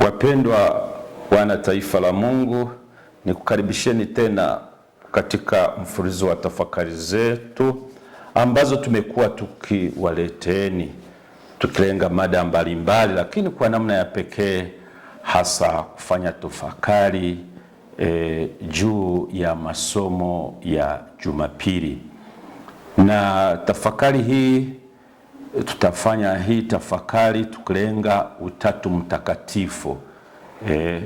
Wapendwa wana taifa la Mungu, nikukaribisheni tena katika mfululizo wa tafakari zetu ambazo tumekuwa tukiwaleteni tukilenga mada mbalimbali, lakini kwa namna ya pekee hasa kufanya tafakari e, juu ya masomo ya Jumapili. Na tafakari hii tutafanya hii tafakari tukilenga Utatu Mtakatifu. E, e,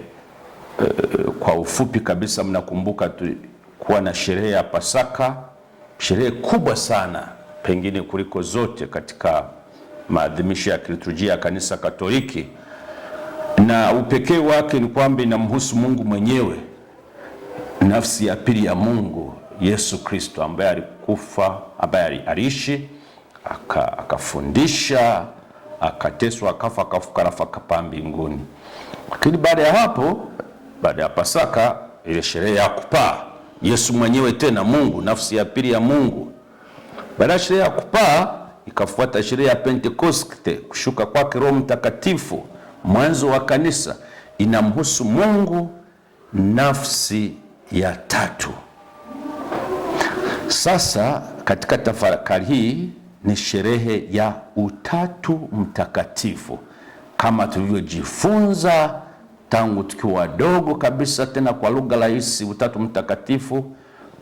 kwa ufupi kabisa, mnakumbuka tulikuwa na sherehe ya Pasaka, sherehe kubwa sana pengine kuliko zote katika maadhimisho ya kiliturujia ya Kanisa Katoliki na upekee wake ni kwamba inamhusu Mungu mwenyewe, nafsi ya pili ya Mungu, Yesu Kristo, ambaye alikufa, ambaye aliishi, akafundisha, akateswa, akafa, akafuka, akapaa mbinguni. Lakini baada ya hapo, baada ya Pasaka, ile sherehe ya kupaa, Yesu mwenyewe tena Mungu, nafsi ya pili ya Mungu. Baada ya sherehe ya kupaa ikafuata sherehe ya Pentekoste, kushuka kwake Roho Mtakatifu mwanzo wa kanisa inamhusu Mungu, nafsi ya tatu. Sasa katika tafakari hii ni sherehe ya Utatu Mtakatifu kama tulivyojifunza tangu tukiwa wadogo kabisa, tena kwa lugha rahisi. Utatu Mtakatifu,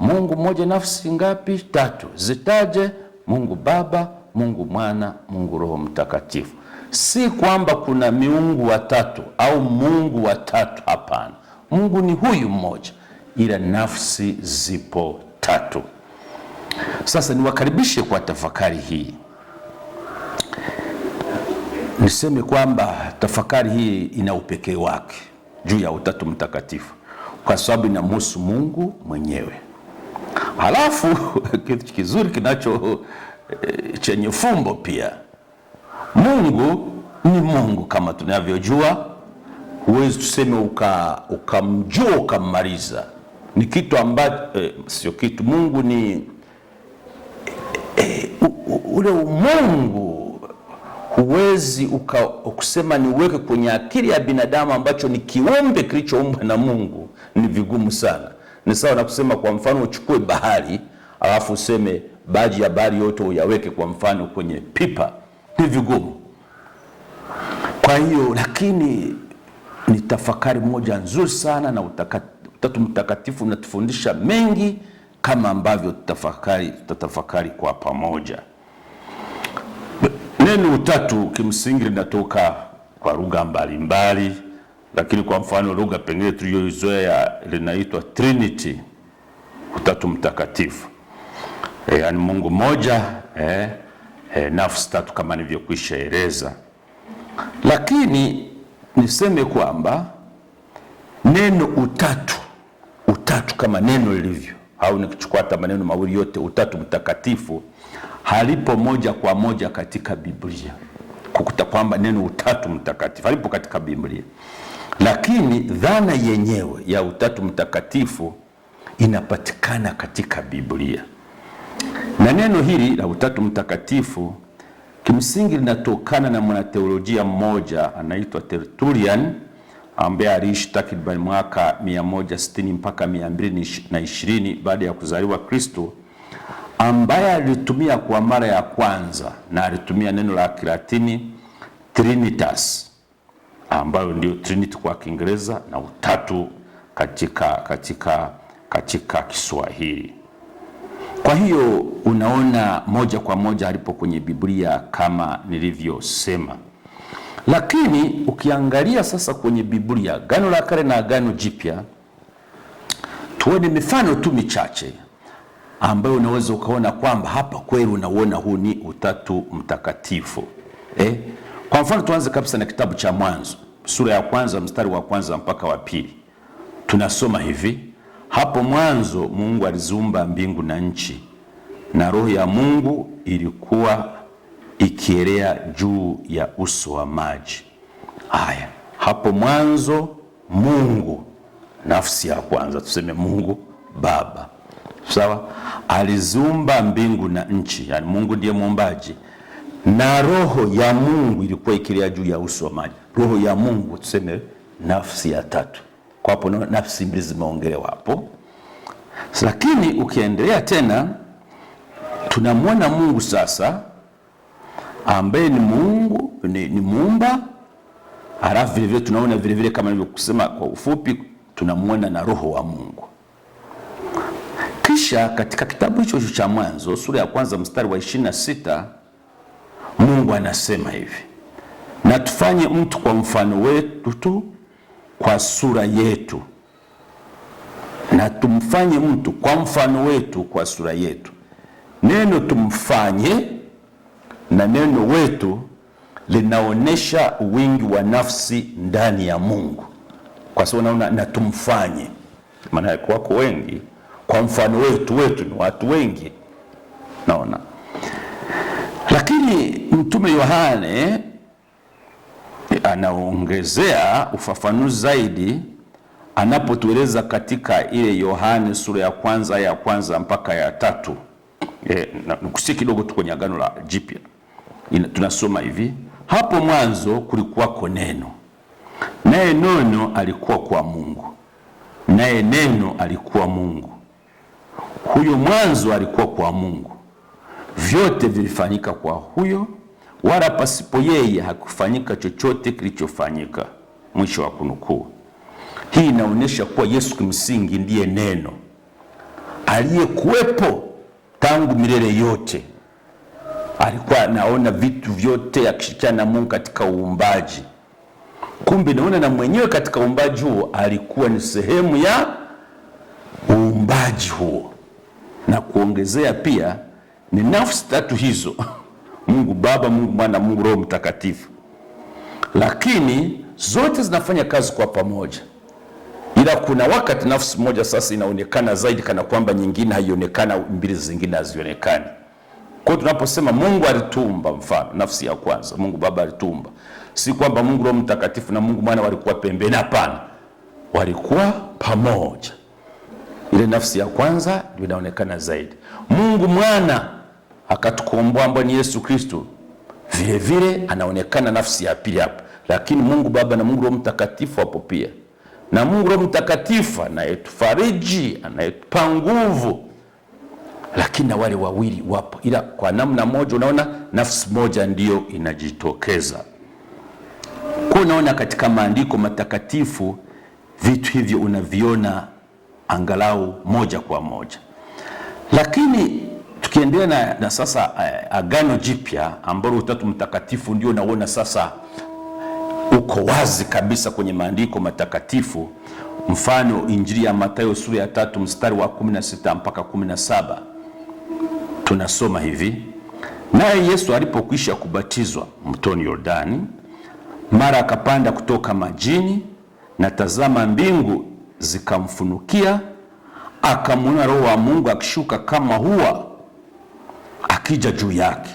Mungu mmoja, nafsi ngapi? Tatu. Zitaje? Mungu Baba, Mungu Mwana, Mungu Roho Mtakatifu si kwamba kuna miungu watatu au mungu watatu. Hapana, Mungu ni huyu mmoja, ila nafsi zipo tatu. Sasa niwakaribishe kwa tafakari hii. Niseme kwamba tafakari hii ina upekee wake juu ya utatu mtakatifu, kwa sababu inamhusu Mungu mwenyewe. Halafu kitu kizuri kinacho eh, chenye fumbo pia Mungu ni Mungu kama tunavyojua, huwezi tuseme ukamjua uka ukammaliza. Ni kitu ambacho eh, sio kitu. Mungu ni eh, eh ule umungu huwezi ukusema ni uweke kwenye akili ya binadamu ambacho ni kiumbe kilichoumbwa na Mungu, ni vigumu sana. Ni sawa na kusema kwa mfano uchukue bahari alafu useme baji ya bahari yote uyaweke kwa mfano kwenye pipa ni vigumu. Kwa hiyo lakini ni tafakari moja nzuri sana na Utatu Mtakatifu unatufundisha mengi kama ambavyo tutafakari, tutatafakari kwa pamoja. Neno utatu kimsingi linatoka kwa lugha mbalimbali, lakini kwa mfano lugha pengine tuliyoizoea linaitwa Trinity, Utatu Mtakatifu, eh, yaani Mungu mmoja eh, eh, nafsi tatu kama nilivyokwisha eleza, lakini niseme kwamba neno utatu, utatu kama neno lilivyo, au nikichukua hata maneno mawili yote, utatu mtakatifu halipo moja kwa moja katika Biblia, kukuta kwamba neno utatu mtakatifu halipo katika Biblia, lakini dhana yenyewe ya utatu mtakatifu inapatikana katika Biblia. Na neno hili la Utatu Mtakatifu kimsingi linatokana na mwanateolojia mmoja anaitwa Tertullian ambaye aliishi takriban mwaka 160 mpaka 220 baada ya kuzaliwa Kristo, ambaye alitumia kwa mara ya kwanza na alitumia neno la Kilatini Trinitas, ambayo ndio Trinity kwa Kiingereza na utatu katika, katika, katika Kiswahili. Kwa hiyo unaona moja kwa moja alipo kwenye Biblia kama nilivyosema, lakini ukiangalia sasa kwenye Biblia gano la Kale na gano Jipya, tuone mifano tu michache ambayo unaweza ukaona kwamba hapa kweli unauona huu ni Utatu Mtakatifu eh? Kwa mfano tuanze kabisa na kitabu cha Mwanzo sura ya kwanza mstari wa kwanza mpaka wa pili tunasoma hivi hapo mwanzo Mungu aliziumba mbingu na nchi, na roho ya Mungu ilikuwa ikielea juu ya uso wa maji. Haya, hapo mwanzo Mungu, nafsi ya kwanza tuseme, Mungu Baba, sawa, aliziumba mbingu na nchi, yani Mungu ndiye muumbaji, na roho ya Mungu ilikuwa ikielea juu ya uso wa maji. Roho ya Mungu tuseme, nafsi ya tatu. Kwa hapo nafsi mbili zimeongelewa hapo, lakini ukiendelea tena tunamwona Mungu sasa ambaye ni Mungu ni, ni muumba alafu vile vile tunaona vile vile kama nilivyokusema kwa ufupi, tunamwona na roho wa Mungu. Kisha katika kitabu hicho cha Mwanzo sura ya kwanza mstari wa ishirini na sita Mungu anasema hivi, na tufanye mtu kwa mfano wetu tu kwa sura yetu na tumfanye mtu kwa mfano wetu, kwa sura yetu. Neno tumfanye na neno wetu linaonyesha wingi wa nafsi ndani ya Mungu, kwa sababu naona na tumfanye, maana yake wako wengi, kwa mfano wetu. Wetu ni watu wengi naona, lakini mtume Yohane anaongezea ufafanuzi zaidi anapotueleza katika ile Yohane sura ya kwanza ya kwanza mpaka ya tatu. E, nikusie kidogo tu kwenye Agano la Jipya tunasoma hivi: hapo mwanzo kulikuwako neno, naye neno alikuwa kwa Mungu, naye neno alikuwa Mungu. Huyo mwanzo alikuwa kwa Mungu, vyote vilifanyika kwa huyo wala pasipo yeye hakufanyika chochote kilichofanyika. Mwisho wa kunukuu. Hii inaonyesha kuwa Yesu kimsingi ndiye neno aliyekuwepo tangu milele yote. Alikuwa anaona vitu vyote akishirikiana na Mungu katika uumbaji. Kumbe naona na mwenyewe katika uumbaji huo alikuwa ni sehemu ya uumbaji huo, na kuongezea pia ni nafsi tatu hizo Mungu Baba, Mungu Mwana, Mungu Roho Mtakatifu, lakini zote zinafanya kazi kwa pamoja, ila kuna wakati nafsi moja sasa inaonekana zaidi kana kwamba nyingine haionekana, mbili zingine hazionekani. Kwa tunaposema Mungu alituumba, mfano nafsi ya kwanza, Mungu Baba alituumba, si kwamba Mungu Roho Mtakatifu na Mungu Mwana walikuwa pembeni, hapana, walikuwa pamoja. Ile nafsi ya kwanza ndio inaonekana zaidi. Mungu Mwana akatukomboa ambao ni Yesu Kristo, vile vile anaonekana nafsi ya pili hapa, lakini Mungu Baba na Mungu Roho Mtakatifu hapo pia, na Mungu Roho Mtakatifu anayetufariji anayetupa nguvu, lakini na wale wawili wapo, ila kwa namna moja, unaona nafsi moja ndiyo inajitokeza. Kwa unaona katika maandiko matakatifu vitu hivyo unaviona angalau moja kwa moja, lakini tukiendelea na, na sasa uh, Agano Jipya ambalo Utatu Mtakatifu ndio naona sasa uko wazi kabisa kwenye maandiko matakatifu, mfano Injili ya Mathayo sura ya tatu mstari wa 16 mpaka 17, tunasoma hivi: naye Yesu alipokwisha kubatizwa mtoni Yordani, mara akapanda kutoka majini, na tazama mbingu zikamfunukia, akamwona Roho wa Mungu akishuka kama hua ikija juu yake.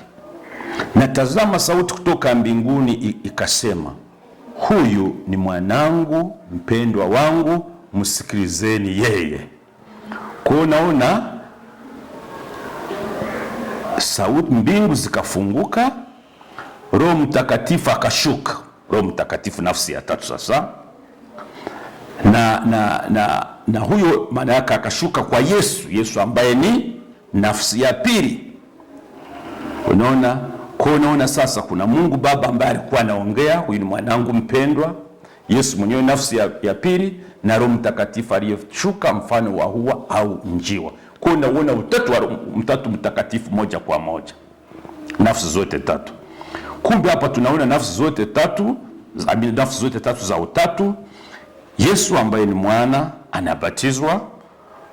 Na tazama sauti kutoka mbinguni ikasema, huyu ni mwanangu mpendwa wangu, msikilizeni yeye. Kwa unaona, sauti mbingu zikafunguka, Roho Mtakatifu akashuka. Roho Mtakatifu nafsi ya tatu sasa na, na, na, na huyo maana yake akashuka kwa Yesu, Yesu ambaye ni nafsi ya pili Unaona, kwa unaona sasa kuna Mungu Baba ambaye alikuwa anaongea, huyu ni mwanangu mpendwa, Yesu mwenyewe nafsi ya, ya pili na Roho Mtakatifu aliyeshuka mfano wa hua au njiwa. Kwa unaona utatu wa mtatu mtakatifu moja kwa moja, nafsi zote tatu. Kumbe hapa tunaona nafsi zote tatu, nafsi zote tatu za utatu. Yesu ambaye ni mwana anabatizwa,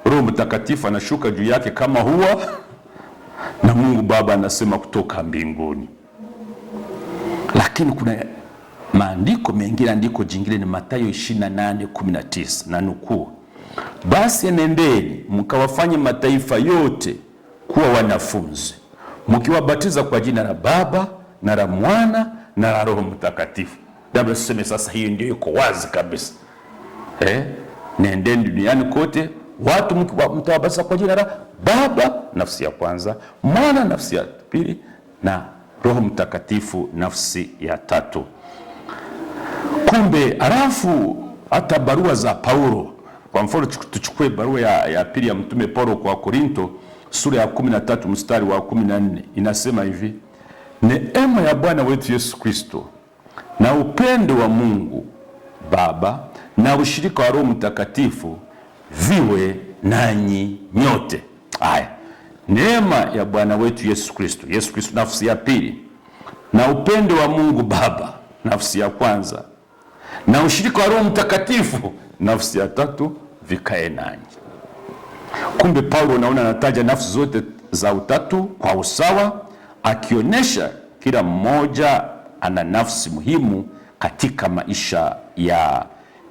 Roho Mtakatifu anashuka juu yake kama hua na Mungu Baba anasema kutoka mbinguni, lakini kuna maandiko mengine, andiko jingine ni Mathayo 28:19 na nukuu, basi enendeni mkawafanye mataifa yote kuwa wanafunzi mkiwabatiza kwa jina la Baba na la Mwana na la Roho Mtakatifu. tuseme sasa, hiyo ndio iko wazi kabisa eh? Nendeni duniani kote watu mtawabatiza kwa jina la Baba nafsi ya kwanza, Mwana nafsi ya pili, na Roho Mtakatifu nafsi ya tatu. Kumbe halafu hata barua za Paulo, kwa mfano tuchukue barua ya, ya pili ya mtume Paulo kwa Korinto sura ya 13 mstari wa 14 inasema hivi: neema ya Bwana wetu Yesu Kristo na upendo wa Mungu Baba na ushirika wa Roho Mtakatifu viwe nanyi nyote. Haya, neema ya Bwana wetu Yesu Kristo, Yesu Kristo nafsi ya pili, na upendo wa Mungu Baba nafsi ya kwanza, na ushirika wa Roho Mtakatifu nafsi ya tatu vikae nanyi. Kumbe Paulo, naona anataja nafsi zote za utatu kwa usawa, akionyesha kila mmoja ana nafsi muhimu katika maisha ya,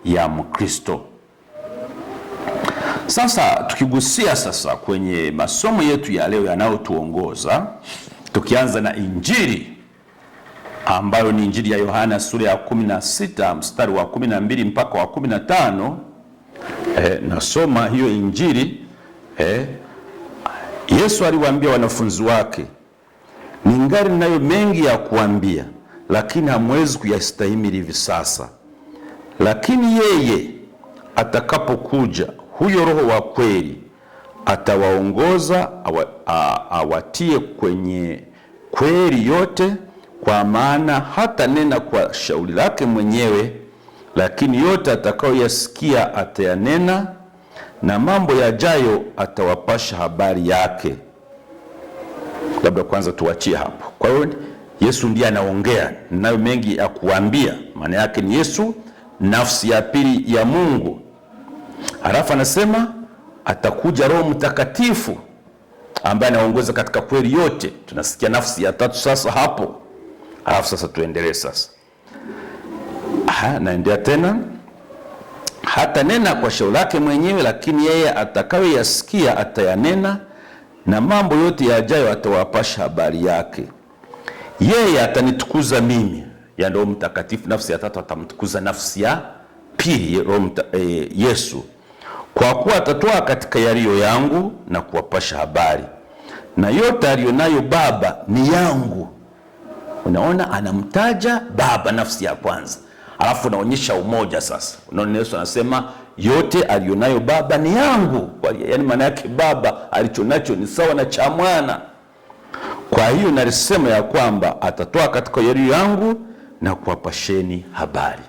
ya Mkristo. Sasa tukigusia sasa kwenye masomo yetu ya leo yanayotuongoza, tukianza na Injili ambayo ni Injili ya Yohana sura ya 16 mstari wa 12 mpaka wa 15. Eh, nasoma hiyo Injili eh, Yesu aliwaambia wanafunzi wake, ningali nayo mengi ya kuambia, lakini hamwezi kuyastahimili hivi sasa, lakini yeye atakapokuja huyo Roho wa kweli atawaongoza awatie kwenye kweli yote, kwa maana hata nena kwa shauri lake mwenyewe, lakini yote atakayoyasikia atayanena, na mambo yajayo atawapasha habari yake. Labda kwanza tuachie hapo. Kwa hiyo Yesu ndiye anaongea, nayo mengi ya kuambia. Maana yake ni Yesu, nafsi ya pili ya Mungu Halafu anasema atakuja Roho Mtakatifu ambaye anaongoza katika kweli yote. Tunasikia nafsi ya tatu sasa hapo. Halafu sasa tuendelee sasa. Aha, naendea tena hata nena kwa shauri lake mwenyewe, lakini yeye atakayoyasikia atayanena, na mambo yote yajayo atawapasha habari yake. Yeye atanitukuza mimi, ya Roho Mtakatifu. Nafsi ya tatu atamtukuza nafsi ya pili, Roho eh, Yesu kwa kuwa atatoa katika yaliyo yangu na kuwapasha habari, na yote aliyonayo Baba ni yangu. Unaona, anamtaja Baba nafsi ya kwanza, alafu unaonyesha umoja. Sasa unaona, Yesu anasema yote aliyonayo Baba ni yangu, yaani maana yake Baba alichonacho ni sawa na cha Mwana. Kwa hiyo nalisema ya kwamba atatoa katika yaliyo yangu na kuwapasheni habari.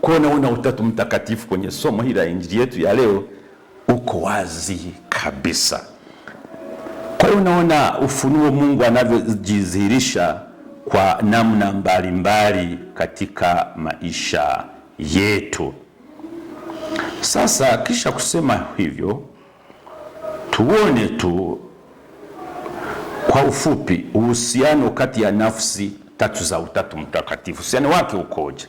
Kwa unaona Utatu Mtakatifu kwenye somo hili la Injili yetu ya leo uko wazi kabisa. Kwa hiyo unaona ufunuo Mungu anavyojidhihirisha kwa namna mbalimbali mbali katika maisha yetu. Sasa kisha kusema hivyo, tuone tu kwa ufupi uhusiano kati ya nafsi tatu za Utatu Mtakatifu, uhusiano wake ukoje?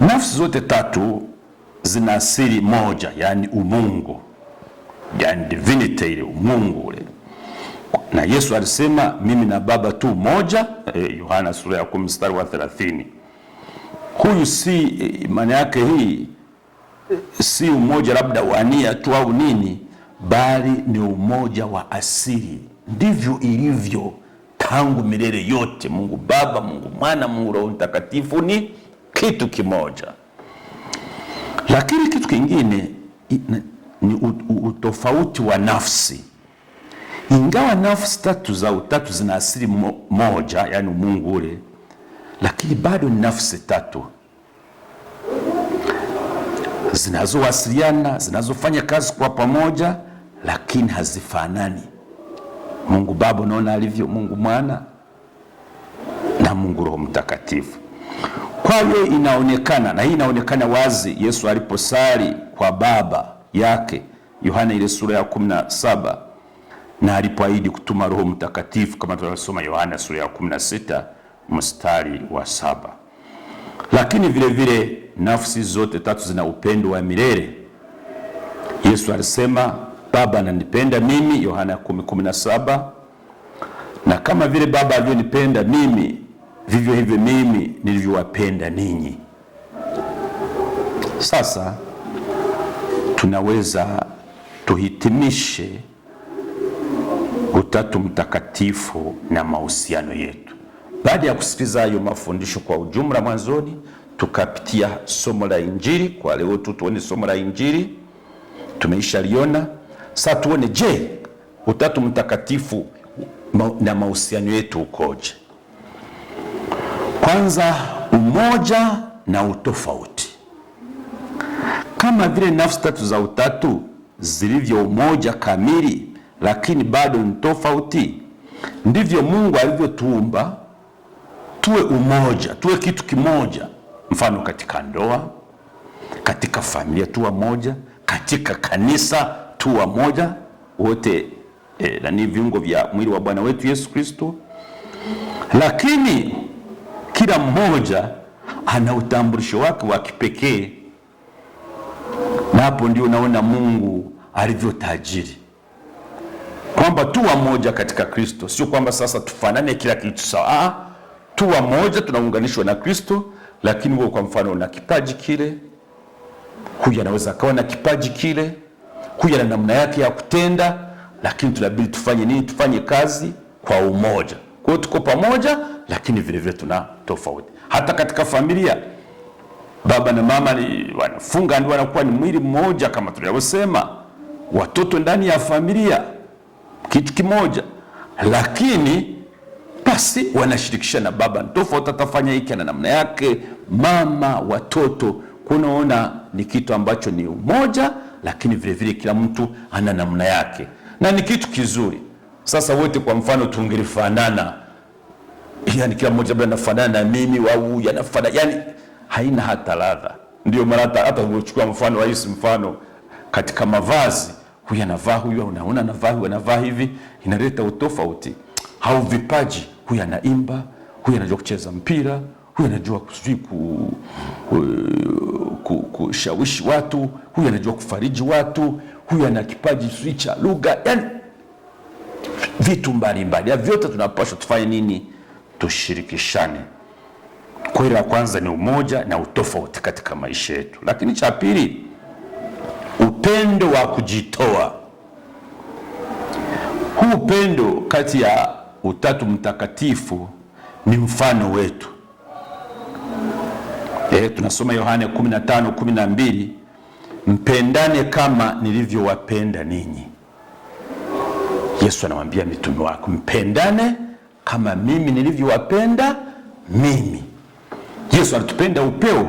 Nafsi zote tatu zina asili moja, yani umungu, yani divinity ile umungu ule. Na Yesu alisema mimi na Baba tu moja, eh, Yohana eh, sura ya 10 mstari wa 30. Huyu si eh, maana yake hii eh, si umoja labda wa nia tu au nini, bali ni umoja wa asili. Ndivyo ilivyo tangu milele yote, Mungu Baba, Mungu Mwana, Mungu Roho Mtakatifu ni kitu kimoja. Lakini kitu kingine ni utofauti wa nafsi. Ingawa nafsi tatu za utatu zina asili moja, yani Mungu ule, lakini bado ni nafsi tatu zinazowasiliana, zinazofanya kazi kwa pamoja, lakini hazifanani. Mungu Baba unaona alivyo, Mungu Mwana na Mungu Roho Mtakatifu kwake inaonekana, na hii inaonekana wazi Yesu aliposali kwa Baba yake, Yohana ile sura ya kumi na saba na alipoahidi kutuma Roho Mtakatifu kama tunasoma Yohana sura ya kumi na sita mstari wa saba. Lakini vile vile nafsi zote tatu zina upendo wa milele. Yesu alisema Baba ananipenda mimi, Yohana 10:17, na kama vile Baba alivyonipenda mimi vivyo hivyo mimi nilivyowapenda ninyi. Sasa tunaweza tuhitimishe Utatu Mtakatifu na mahusiano yetu. Baada ya kusikiliza hayo mafundisho kwa ujumla mwanzoni, tukapitia somo la Injili kwa leo tu, tuone somo la Injili tumeisha liona. Sasa tuone, je, Utatu Mtakatifu na mahusiano yetu ukoje? Kwanza, umoja na utofauti. Kama vile nafsi tatu za utatu zilivyo umoja kamili, lakini bado ni tofauti, ndivyo Mungu alivyotuumba tuwe umoja, tuwe kitu kimoja. Mfano, katika ndoa, katika familia tuwa moja, katika kanisa tuwa moja wote eh, na ni viungo vya mwili wa Bwana wetu Yesu Kristo, lakini kila mmoja ana utambulisho wake wa kipekee, na hapo ndio unaona Mungu alivyo tajiri kwamba tu wamoja katika Kristo, sio kwamba sasa tufanane kila kitu sawa. Ah, tu wamoja tunaunganishwa na Kristo, lakini wewe kwa mfano una kipaji kile, huyu anaweza akawa na kipaji kile, huyu ana namna yake ya kutenda, lakini tunabidi tufanye nini? Tufanye kazi kwa umoja. Kwa hiyo tuko pamoja lakini vile vile tuna tofauti hata katika familia. Baba na mama ni wanafunga, ndio wanakuwa ni mwili mmoja, kama tulivyosema, watoto ndani ya familia kitu kimoja, lakini basi na Baba ni tofauti, atafanya hiki na namna yake, mama, watoto. Kunaona ni kitu ambacho ni umoja, lakini vile vile kila mtu ana namna yake na ni kitu kizuri. Sasa wote kwa mfano tungelifanana yani kila mmoja labda anafanana na mimi au yanafanana, yani haina hata ladha. Ndio maana hata uchukua mfano rahisi, mfano katika mavazi, huyu anavaa huyu, unaona anavaa huyu, anavaa hivi, inaleta utofauti. Au vipaji, huyu anaimba, huyu anajua kucheza mpira, huyu anajua sijui ku, ku, kushawishi watu, huyu anajua kufariji watu, huyu ana kipaji sijui cha lugha, yani vitu mbalimbali vyote tunapaswa tufanye nini tushirikishane. Kweli la kwanza ni umoja na utofauti katika maisha yetu, lakini cha pili, upendo wa kujitoa. Huu upendo kati ya Utatu Mtakatifu ni mfano wetu. E, tunasoma Yohane 15:12 mpendane kama nilivyowapenda ninyi. Yesu anamwambia mitume wake mpendane kama mimi nilivyowapenda mimi. Yesu alitupenda upeo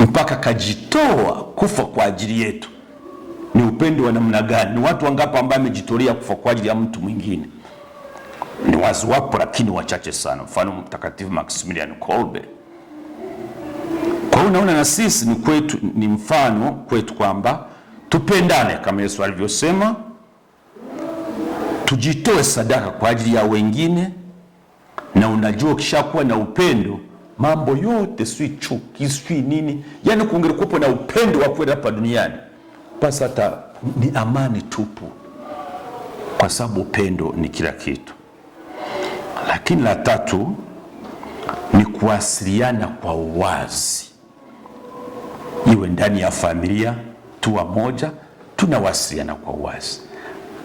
mpaka kajitoa kufa kwa ajili yetu. Ni upendo wa namna gani? Ni watu wangapi ambao amejitolea kufa kwa ajili ya mtu mwingine? Ni wazi wapo, lakini wachache sana, mfano Mtakatifu Maximilian Kolbe. Kwa hiyo unaona, na sisi ni kwetu, ni mfano kwetu kwamba tupendane kama Yesu alivyosema tujitoe sadaka kwa ajili ya wengine, na unajua ukishakuwa na upendo mambo yote si chuki si nini, yani kuongera kuwepo na upendo wa kweli hapa duniani, basi hata ni amani tupu, kwa sababu upendo ni kila kitu. Lakini la tatu ni kuwasiliana kwa uwazi, iwe ndani ya familia, tuwa moja tunawasiliana kwa uwazi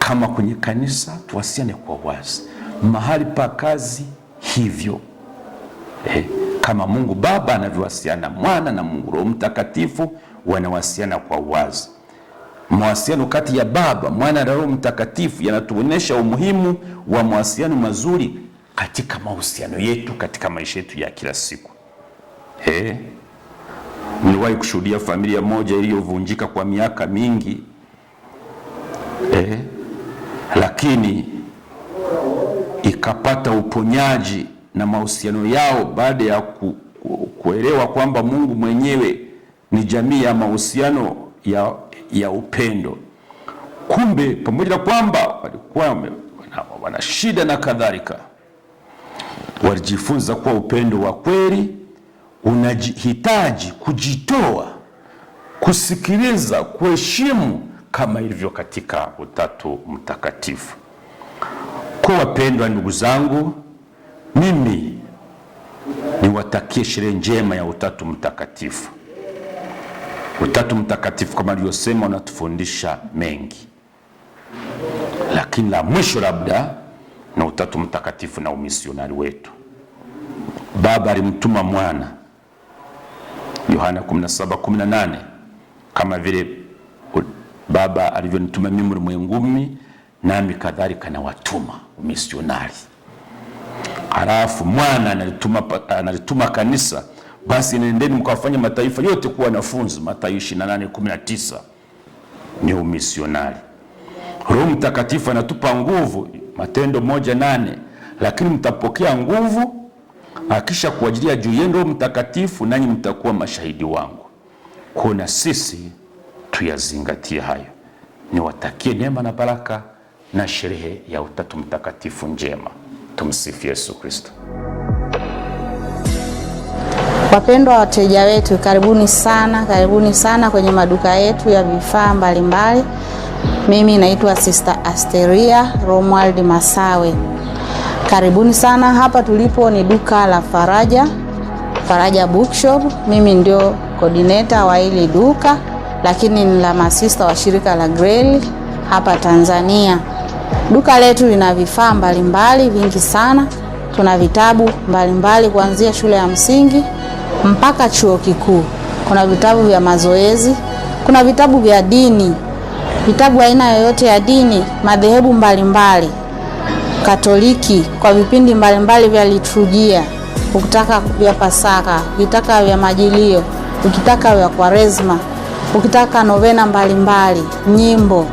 kama kwenye kanisa tuwasiane kwa wazi, mahali pa kazi hivyo eh, kama Mungu Baba anavyowasiliana Mwana na Mungu Roho Mtakatifu wanawasiliana kwa wazi. Mawasiliano kati ya Baba, Mwana na Roho Mtakatifu yanatuonyesha umuhimu wa mawasiliano mazuri katika mahusiano yetu, katika maisha yetu ya kila siku. Eh, niliwahi kushuhudia familia moja iliyovunjika kwa miaka mingi eh, lakini ikapata uponyaji na mahusiano yao baada ya ku, ku, kuelewa kwamba Mungu mwenyewe ni jamii ya mahusiano ya, ya upendo. Kumbe pamoja na kwamba walikuwa wana, wana shida na kadhalika, walijifunza kuwa upendo wa kweli unajihitaji kujitoa, kusikiliza, kuheshimu kama ilivyo katika Utatu Mtakatifu. Kwa wapendwa ndugu zangu, mimi niwatakie sherehe njema ya Utatu Mtakatifu. Utatu Mtakatifu kama alivyosema unatufundisha mengi, lakini la mwisho labda na Utatu Mtakatifu na umisionari wetu. Baba alimtuma mwana Yohana 17:18 kama vile Baba alivyonituma mimi ulimwenguni, nami kadhalika nawatuma misionari. Halafu mwana analituma, analituma kanisa, basi nendeni mkawafanya mataifa yote kuwa wanafunzi, Mathayo 28:19 ni umisionari. Roho Mtakatifu anatupa nguvu, Matendo moja nane, lakini mtapokea nguvu akisha kuajilia juu yenu Roho Mtakatifu, nanyi mtakuwa mashahidi wangu. Kuna sisi tuyazingatie hayo. Niwatakie neema na baraka na sherehe ya Utatu Mtakatifu njema. Tumsifu Yesu Kristo. Wapendwa wateja wetu, karibuni sana, karibuni sana kwenye maduka yetu ya vifaa mbalimbali. Mimi naitwa Sister Asteria romwald Masawe. Karibuni sana, hapa tulipo ni duka la Faraja, Faraja Bookshop. Mimi ndio coordinator wa hili duka lakini ni la masista wa shirika la Grail hapa Tanzania. Duka letu lina vifaa mbalimbali vingi sana. Tuna vitabu mbalimbali kuanzia shule ya msingi mpaka chuo kikuu. Kuna vitabu vya mazoezi, kuna vitabu vya dini, vitabu aina yoyote ya dini, madhehebu mbalimbali Katoliki, kwa vipindi mbalimbali vya liturujia, ukitaka vya Pasaka, ukitaka vya Majilio, ukitaka vya Kwaresma. Ukitaka novena mbalimbali mbali, nyimbo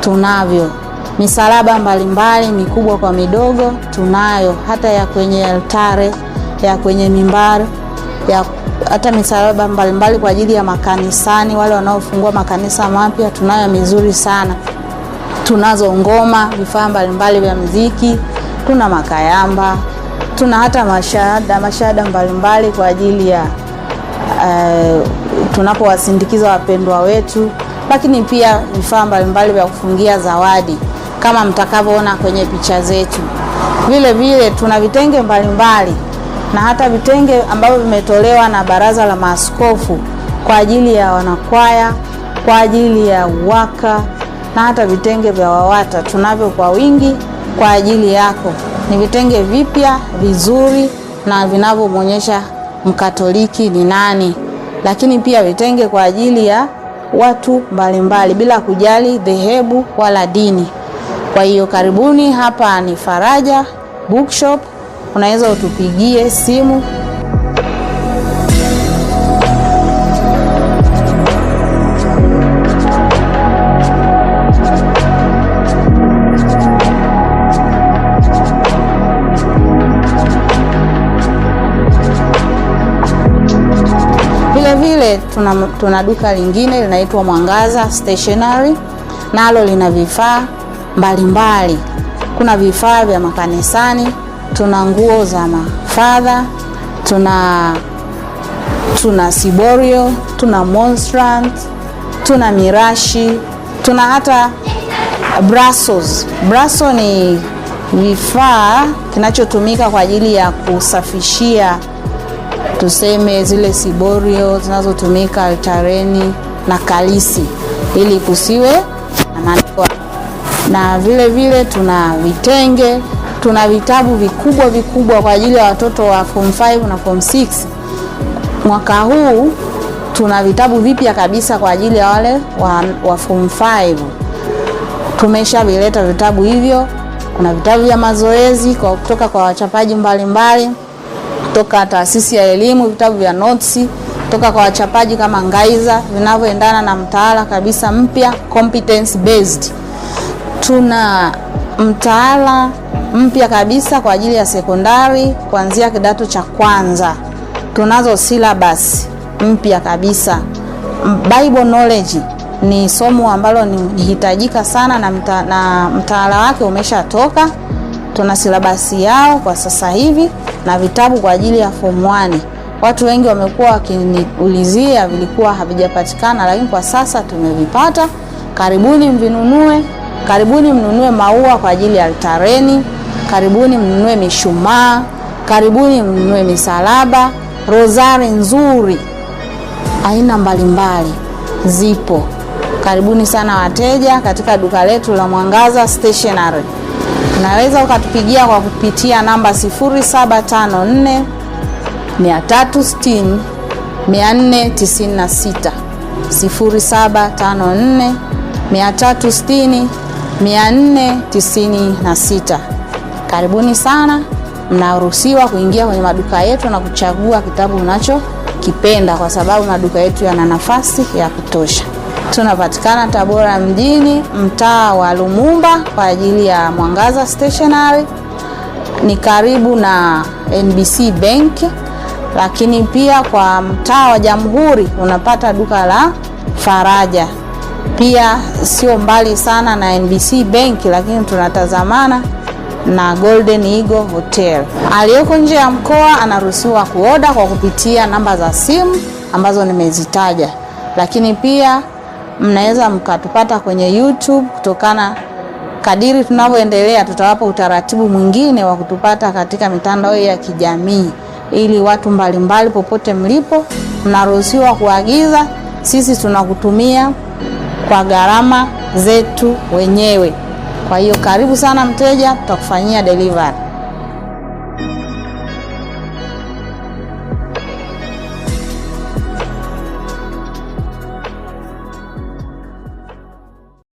tunavyo, misalaba mbalimbali mbali, mikubwa kwa midogo tunayo, hata ya kwenye altare ya kwenye mimbari ya hata misalaba mbalimbali mbali kwa ajili ya makanisani, wale wanaofungua makanisa mapya tunayo mizuri sana. Tunazo ngoma, vifaa mbalimbali vya mziki, tuna makayamba, tuna hata mashahada mashahada mbalimbali kwa ajili ya uh, tunapowasindikiza wapendwa wetu, lakini pia vifaa mbalimbali vya kufungia zawadi kama mtakavyoona kwenye picha zetu. Vile vile tuna vitenge mbalimbali na hata vitenge ambavyo vimetolewa na Baraza la Maaskofu kwa ajili ya wanakwaya, kwa ajili ya UWAKA na hata vitenge vya WAWATA tunavyo kwa wingi kwa ajili yako. Ni vitenge vipya vizuri na vinavyomwonyesha Mkatoliki ni nani, lakini pia vitenge kwa ajili ya watu mbalimbali mbali, bila kujali dhehebu wala dini. Kwa hiyo karibuni, hapa ni Faraja Bookshop, unaweza utupigie simu tuna, tuna duka lingine linaitwa Mwangaza Stationery nalo lina vifaa mbalimbali. Kuna vifaa vya makanisani, tuna nguo za mafadha, tuna tuna siborio, tuna monstrant, tuna mirashi, tuna hata brasos. Braso ni vifaa kinachotumika kwa ajili ya kusafishia tuseme zile siborio zinazotumika altareni na kalisi, ili kusiwe na mandoa. Na vile vile tuna vitenge, tuna vitabu vikubwa vikubwa kwa ajili ya watoto wa form 5 na form 6. Mwaka huu tuna vitabu vipya kabisa kwa ajili ya wale wa, wa form 5 tumeshavileta vitabu hivyo. Kuna vitabu vya mazoezi kwa kutoka kwa wachapaji mbalimbali mbali toka taasisi ya elimu, vitabu vya notes toka kwa wachapaji kama Ngaiza vinavyoendana na mtaala kabisa mpya competence based. Tuna mtaala mpya kabisa kwa ajili ya sekondari kuanzia kidato cha kwanza. Tunazo syllabus mpya kabisa. Bible knowledge ni somo ambalo ni hitajika sana na, mta, na mtaala wake umeshatoka tuna silabasi yao kwa sasa hivi na vitabu kwa ajili ya form 1. Watu wengi wamekuwa wakiniulizia vilikuwa havijapatikana, lakini kwa sasa tumevipata. Karibuni mvinunue, karibuni mnunue maua kwa ajili ya altareni, karibuni mnunue mishumaa, karibuni mnunue misalaba, rozari nzuri aina mbalimbali zipo. Karibuni sana wateja katika duka letu la Mwangaza Stationery. Unaweza ukatupigia kwa kupitia namba 0754 360 0754 360 496. Karibuni sana, mnaruhusiwa kuingia kwenye maduka yetu na kuchagua kitabu unachokipenda, kwa sababu maduka yetu yana nafasi ya kutosha. Tunapatikana Tabora mjini, mtaa wa Lumumba kwa ajili ya Mwangaza Stationery, ni karibu na NBC Bank. Lakini pia kwa mtaa wa Jamhuri unapata duka la Faraja, pia sio mbali sana na NBC Bank, lakini tunatazamana na Golden Eagle Hotel. Aliyoko nje ya mkoa anaruhusiwa kuoda kwa kupitia namba za simu ambazo nimezitaja, lakini pia mnaweza mkatupata kwenye YouTube kutokana kadiri tunavyoendelea tutawapa utaratibu mwingine wa kutupata katika mitandao ya kijamii, ili watu mbalimbali popote mlipo, mnaruhusiwa kuagiza. Sisi tunakutumia kwa gharama zetu wenyewe. Kwa hiyo karibu sana mteja, tutakufanyia delivery.